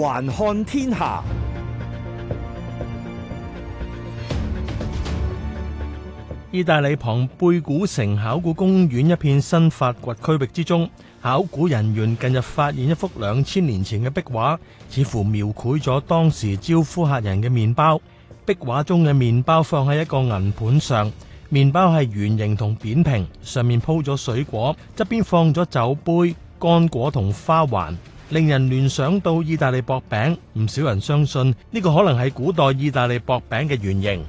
環看天下，意大利龐貝古城考古公園一片新發掘區域之中，考古人員近日發現一幅兩千年前嘅壁畫，似乎描繪咗當時招呼客人嘅麵包。壁畫中嘅麵包放喺一個銀盤上，麵包係圓形同扁平，上面鋪咗水果，側邊放咗酒杯、乾果同花環。令人聯想到意大利薄餅，唔少人相信呢個可能係古代意大利薄餅嘅原型。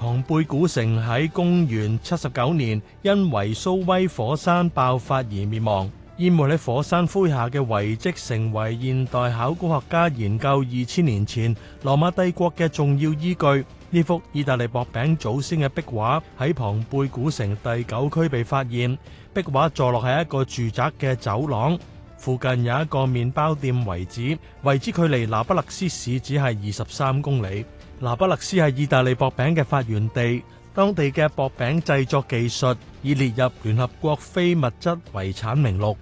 龐貝古城喺公元七十九年因維蘇威火山爆發而滅亡。掩沒喺火山灰下嘅遺迹，成為現代考古學家研究二千年前羅馬帝國嘅重要依據。呢幅意大利薄餅祖先嘅壁畫喺龐貝古城第九區被發現。壁畫坐落喺一個住宅嘅走廊，附近有一個麵包店遺址，遺址距離那不勒斯市只係二十三公里。那不勒斯係意大利薄餅嘅發源地，當地嘅薄餅製作技術已列入聯合國非物質遺產名錄。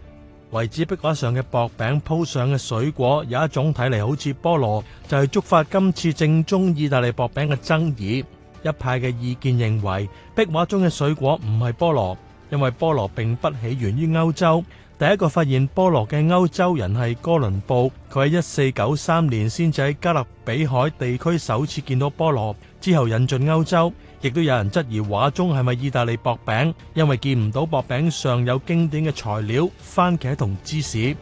遺址壁畫上嘅薄餅鋪上嘅水果有一種睇嚟好似菠蘿，就係觸發今次正宗意大利薄餅嘅爭議。一派嘅意見認為，壁畫中嘅水果唔係菠蘿，因為菠蘿並不起源於歐洲。第一個發現菠蘿嘅歐洲人係哥倫布，佢喺一四九三年先至喺加勒比海地區首次見到菠蘿，之後引進歐洲。亦都有人質疑畫中係咪意大利薄餅？因為見唔到薄餅上有經典嘅材料，番茄同芝士。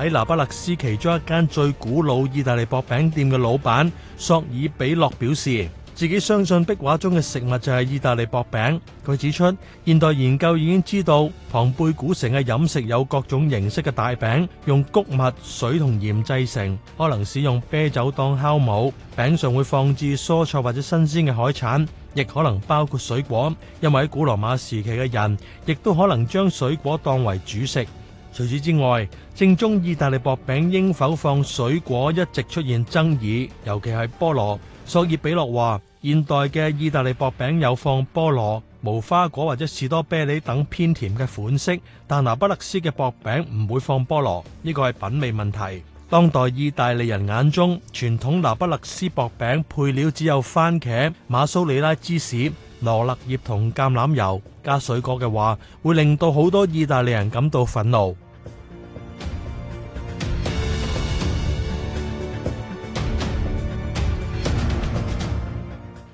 喺那不勒斯其中一間最古老意大利薄餅店嘅老闆索爾比洛表示，自己相信壁畫中嘅食物就係意大利薄餅。佢指出，現代研究已經知道龐貝古城嘅飲食有各種形式嘅大餅，用穀物、水同鹽製成，可能使用啤酒當酵母。餅上會放置蔬菜或者新鮮嘅海產，亦可能包括水果，因為喺古羅馬時期嘅人亦都可能將水果當為主食。除此之外，正宗意大利薄餅應否放水果一直出現爭議，尤其係菠蘿。索爾比洛話：現代嘅意大利薄餅有放菠蘿、無花果或者士多啤梨等偏甜嘅款式，但那不勒斯嘅薄餅唔會放菠蘿，呢個係品味問題。當代意大利人眼中，傳統那不勒斯薄餅配料只有蕃茄、馬蘇里拉芝士。羅勒葉同橄欖油加水果嘅話，會令到好多意大利人感到憤怒。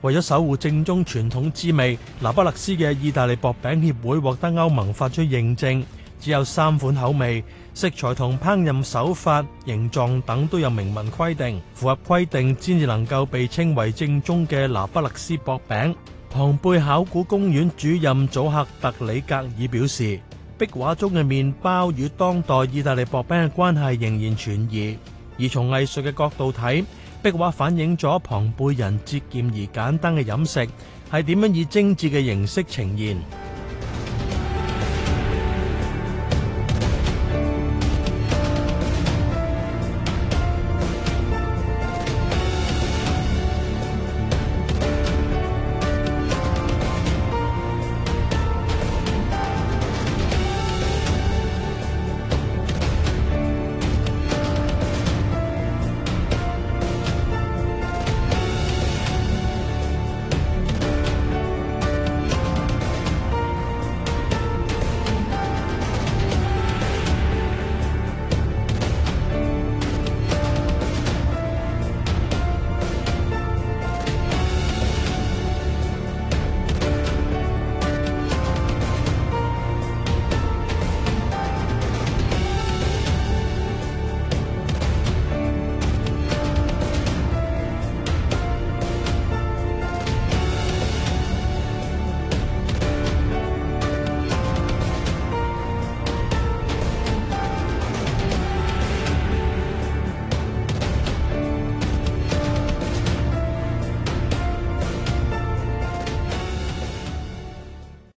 為咗守護正宗傳統滋味，那不勒斯嘅意大利薄餅協會獲得歐盟發出認證，只有三款口味，食材同烹飪手法，形狀等都有明文規定，符合規定先至能夠被稱為正宗嘅那不勒斯薄餅。龐貝考古公園主任祖克特里格爾表示，壁畫中嘅麵包與當代意大利薄餅嘅關係仍然存疑，而從藝術嘅角度睇，壁畫反映咗龐貝人節儉而簡單嘅飲食，係點樣以精緻嘅形式呈現。